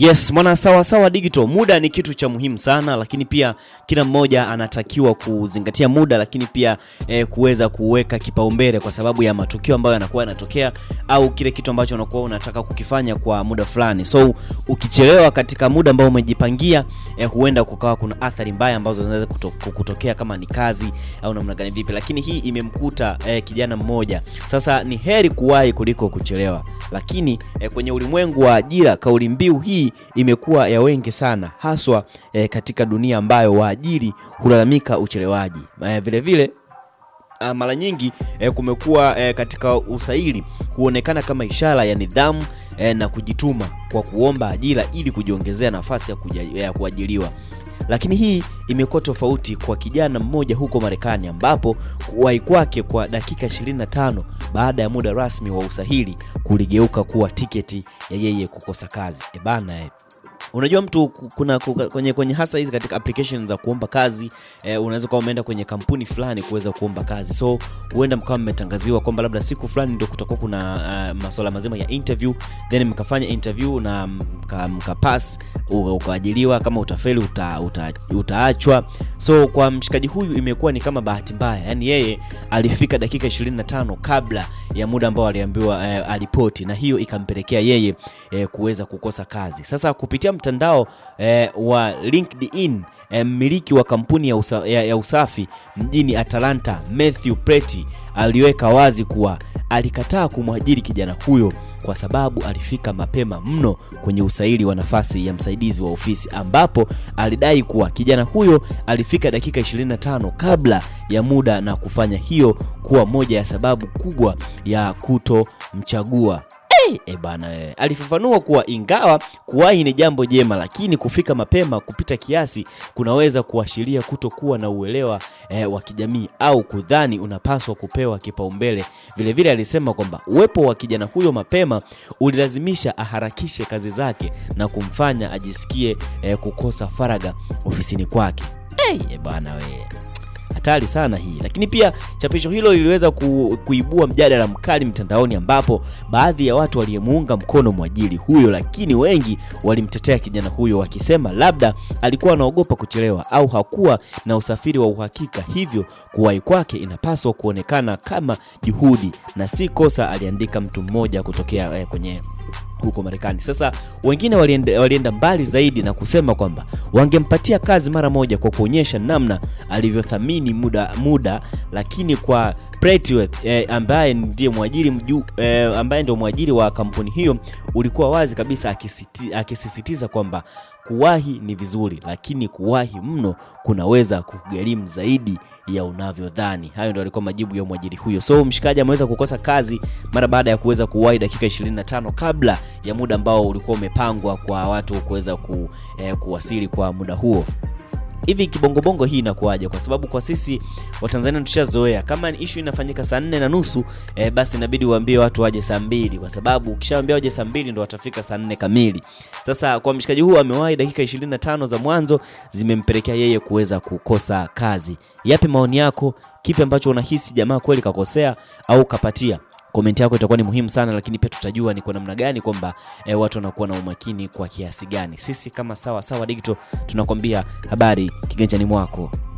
Yes, mwana sawa sawa digital, muda ni kitu cha muhimu sana, lakini pia kila mmoja anatakiwa kuzingatia muda, lakini pia e, kuweza kuweka kipaumbele kwa sababu ya matukio ambayo yanakuwa yanatokea au kile kitu ambacho unakuwa unataka kukifanya kwa muda fulani. So ukichelewa katika muda ambao umejipangia e, huenda kukawa kuna athari mbaya ambazo zinaweza kutokea kama ni kazi au namna gani vipi, lakini hii imemkuta e, kijana mmoja. Sasa ni heri kuwahi kuliko kuchelewa lakini eh, kwenye ulimwengu wa ajira kauli mbiu hii imekuwa ya wengi sana, haswa eh, katika dunia ambayo waajiri hulalamika uchelewaji eh, vilevile ah, mara nyingi eh, kumekuwa eh, katika usaili huonekana kama ishara ya nidhamu eh, na kujituma kwa kuomba ajira ili kujiongezea nafasi ya, kuajiliwa lakini hii imekuwa tofauti kwa kijana mmoja huko Marekani, ambapo kuwahi kwake kwa dakika 25 baada ya muda rasmi wa usahili kuligeuka kuwa tiketi ya yeye kukosa kazi. Ebana e. Eh. Unajua mtu kuna kwenye, kwenye hasa hizi katika application za kuomba kazi eh, unaweza kuwa umeenda kwenye kampuni fulani kuweza kuomba kazi, so huenda mkawa mmetangaziwa kwamba labda siku fulani ndio kutakuwa kuna uh, masuala mazima ya interview, then mkafanya interview na mkapas mka ukaajiliwa. Kama utafeli uta, uta, utaachwa. So kwa mshikaji huyu imekuwa ni kama bahati mbaya, yani yeye alifika dakika 25 kabla ya muda ambao aliambiwa eh, alipoti, na hiyo ikampelekea yeye eh, kuweza kukosa kazi. Sasa kupitia mtandao eh, wa LinkedIn eh, mmiliki wa kampuni ya, usa, ya, ya usafi mjini Atlanta Matthew pretty aliweka wazi kuwa alikataa kumwajiri kijana huyo kwa sababu alifika mapema mno kwenye usaili wa nafasi ya msaidizi wa ofisi, ambapo alidai kuwa kijana huyo alifika dakika 25 kabla ya muda na kufanya hiyo kuwa moja ya sababu kubwa ya kutomchagua e bana e. Alifafanua kuwa ingawa kuwahi ni jambo jema, lakini kufika mapema kupita kiasi kunaweza kuashiria kutokuwa na uelewa e, wa kijamii au kudhani unapaswa kupewa kipaumbele. Vilevile alisema kwamba uwepo wa kijana huyo mapema ulilazimisha aharakishe kazi zake na kumfanya ajisikie e, kukosa faraga ofisini kwake. Ai, e bana we hatari sana hii. Lakini pia chapisho hilo liliweza ku, kuibua mjadala mkali mtandaoni, ambapo baadhi ya watu waliyemuunga mkono mwajiri huyo, lakini wengi walimtetea kijana huyo wakisema labda alikuwa anaogopa kuchelewa au hakuwa na usafiri wa uhakika, hivyo kuwahi kwake inapaswa kuonekana kama juhudi na si kosa, aliandika mtu mmoja kutokea eh, kwenye huko Marekani. Sasa wengine walienda, walienda mbali zaidi na kusema kwamba wangempatia kazi mara moja kwa kuonyesha namna alivyothamini muda, muda lakini kwa Pretworth eh, ambaye ndiye mwajiri mju, eh, ambaye ndio mwajiri wa kampuni hiyo ulikuwa wazi kabisa akisiti, akisisitiza kwamba kuwahi ni vizuri, lakini kuwahi mno kunaweza kugharimu zaidi ya unavyodhani. Hayo ndio alikuwa majibu ya mwajiri huyo. So mshikaji ameweza kukosa kazi mara baada ya kuweza kuwahi dakika 25 kabla ya muda ambao ulikuwa umepangwa kwa watu kuweza ku, eh, kuwasili kwa muda huo hivi kibongobongo hii inakuaje? Kwa sababu kwa sisi Watanzania tushazoea kama issue inafanyika saa nne na nusu e, basi inabidi uambie watu waje saa mbili, kwa sababu ukishaambia waje saa mbili ndo watafika saa nne kamili. Sasa kwa mshikaji huu amewahi dakika 25 za mwanzo zimempelekea yeye kuweza kukosa kazi. Yapi maoni yako? Kipi ambacho unahisi jamaa kweli kakosea au kapatia? komenti yako itakuwa ni muhimu sana, lakini pia tutajua ni kwa namna gani kwamba e, watu wanakuwa na umakini kwa kiasi gani. Sisi kama sawa sawa Digital tunakwambia habari kiganjani mwako.